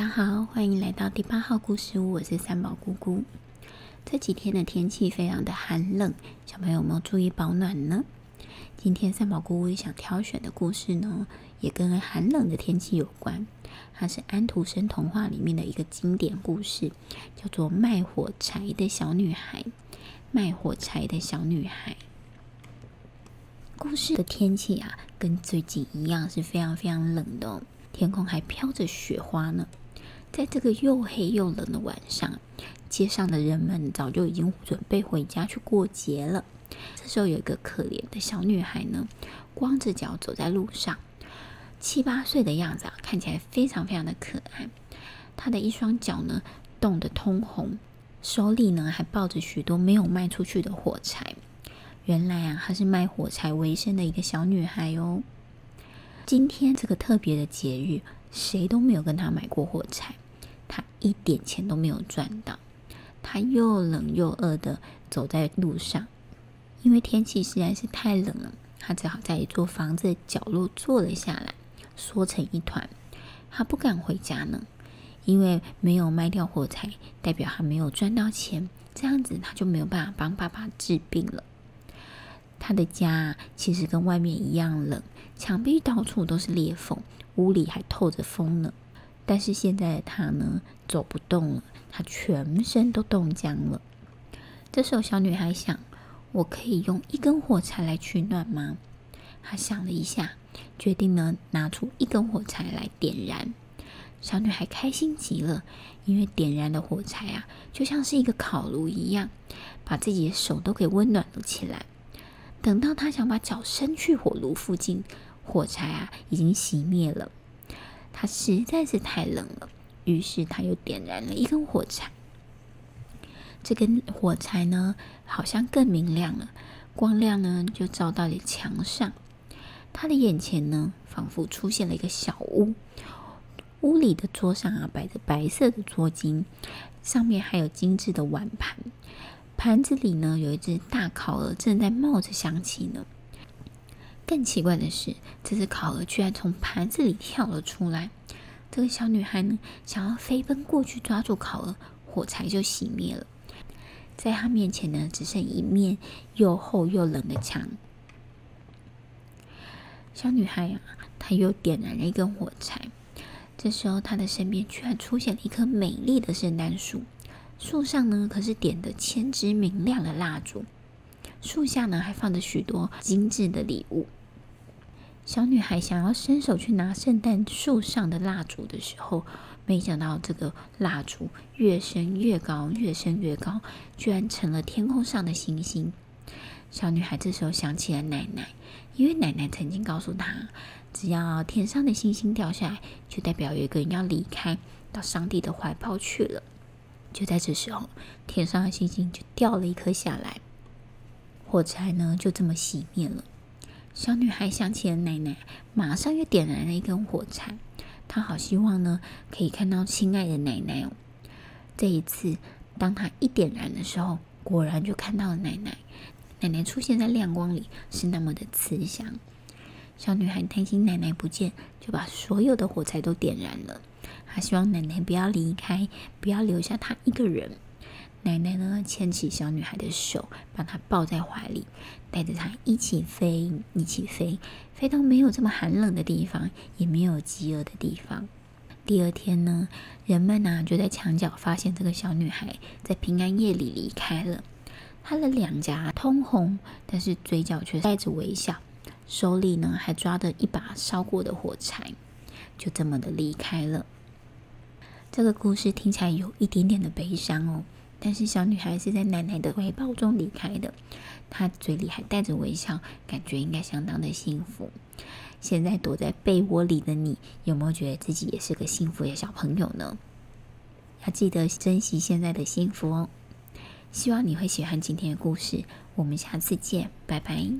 大家好，歡迎來到第八號故事屋，我是三寶姑姑。這幾天的天氣非常的寒冷，小朋友們注意保暖呢？今天三寶姑姑想挑選的故事呢，也跟寒冷的天氣有關，它是安徒生童話裡面的一個經典故事，叫做《賣火柴的小女孩》。賣火柴的小女孩。故事的天氣啊，跟最近一樣是非常非常冷的哦，天空還飄着雪花呢。在這個又黑又冷的晚上，街上的人們早就已經準備回家去過節了。這時候，有一個可憐的小女孩呢，光着腳走在路上，七八歲的樣子啊，看起來非常非常的可愛。她的一雙腳呢，凍得通紅，手裡呢還抱着許多沒有賣出去的火柴。原來啊，她是賣火柴為生的一個小女孩哦。今天這個特別的節日。誰都沒有跟他買過火柴，他一點錢都沒有賺到，他又冷又餓的走在路上，因為天氣實在是太冷了，他只好在一座房子的角落坐了下來，縮成一團。他不敢回家呢，因為沒有賣掉火柴，代表他沒有賺到錢，這樣子他就沒有辦法幫爸爸治病了。他的家其實跟外面一樣冷，牆壁到處都是裂縫。屋裡還透着風呢，但是現在的她呢，走不動了，她全身都凍僵了。這時候，小女孩想：“我可以用一根火柴來取暖嗎？”她想了一下，決定呢拿出一根火柴來點燃。小女孩開心極了，因為點燃的火柴啊，就像是一個烤爐一樣，把自己的手都給溫暖了起來。等到她想把腳伸去火爐附近。火柴啊，已經熄滅了。它實在是太冷了，於是他又點燃了一根火柴。這根火柴呢，好像更明亮了，光亮呢就照到了牆上。他的眼前呢，仿佛出現了一個小屋。屋裡的桌上啊，擺着白色的桌巾，上面還有精致的碗盤。盤子裡呢，有一只大烤鵝，正在冒着香氣呢。更奇怪的是，這隻烤鵝居然從盤子裡跳了出來。這個小女孩呢，想要飛奔過去抓住烤鵝，火柴就熄滅了。在她面前呢，只剩一面又厚又冷的牆。小女孩呀、啊，她又點燃了一根火柴。這時候，她的身邊居然出現了一棵美麗的聖誕樹，樹上呢，可是點着千支明亮的蠟燭，樹下呢，還放着許多精致的禮物。小女孩想要伸手去拿聖誕樹上的蠟燭的時候，沒想到這個蠟燭越升越高，越升越高，居然成了天空上的星星。小女孩這時候想起了奶奶，因為奶奶曾經告訴她，只要天上的星星掉下來，就代表有一個人要離開，到上帝的懷抱去了。就在這時候，天上的星星就掉了一顆下來，火柴呢，就這麼熄滅了。小女孩想起了奶奶，馬上又點燃了一根火柴。她好希望呢，可以看到親愛的奶奶哦。這一次，當她一點燃的時候，果然就看到了奶奶。奶奶出現在亮光裡，是那麼的慈祥。小女孩擔心奶奶不見，就把所有的火柴都點燃了。她希望奶奶不要離開，不要留下她一個人。奶奶呢，牽起小女孩的手，把她抱在懷裡，帶着她一起飛，一起飛，飛到沒有這麼寒冷的地方，也沒有飢餓的地方。第二天呢，人們呢，啊，就在牆角發現這個小女孩在平安夜裡離開了。她的兩頰通紅，但是嘴角卻帶着微笑，手裡呢還抓着一把燒過的火柴，就這麼的離開了。這個故事聽起來有一點點的悲傷哦。但是小女孩是在奶奶的懷抱中離開的，她嘴裡還帶着微笑，感覺應該相當的幸福。現在躲在被窩裡的你，有沒有覺得自己也是個幸福的小朋友呢？要記得珍惜現在的幸福哦。希望你會喜歡今天的故事，我們下次見，拜拜。